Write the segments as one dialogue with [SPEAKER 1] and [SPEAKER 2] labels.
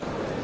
[SPEAKER 1] Hvala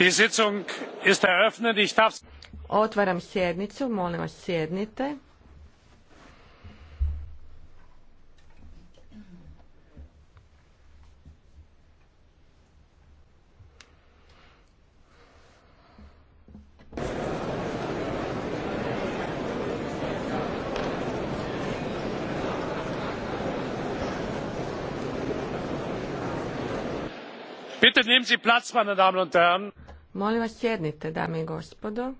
[SPEAKER 2] Die Sitzung ist eröffnet. Ich darf...
[SPEAKER 3] Otvaram sjednicu, molim vas sjednite.
[SPEAKER 4] bitte nehmen sie platz meine damen und herren!
[SPEAKER 5] Molim vas sjednite, dame i gospodo.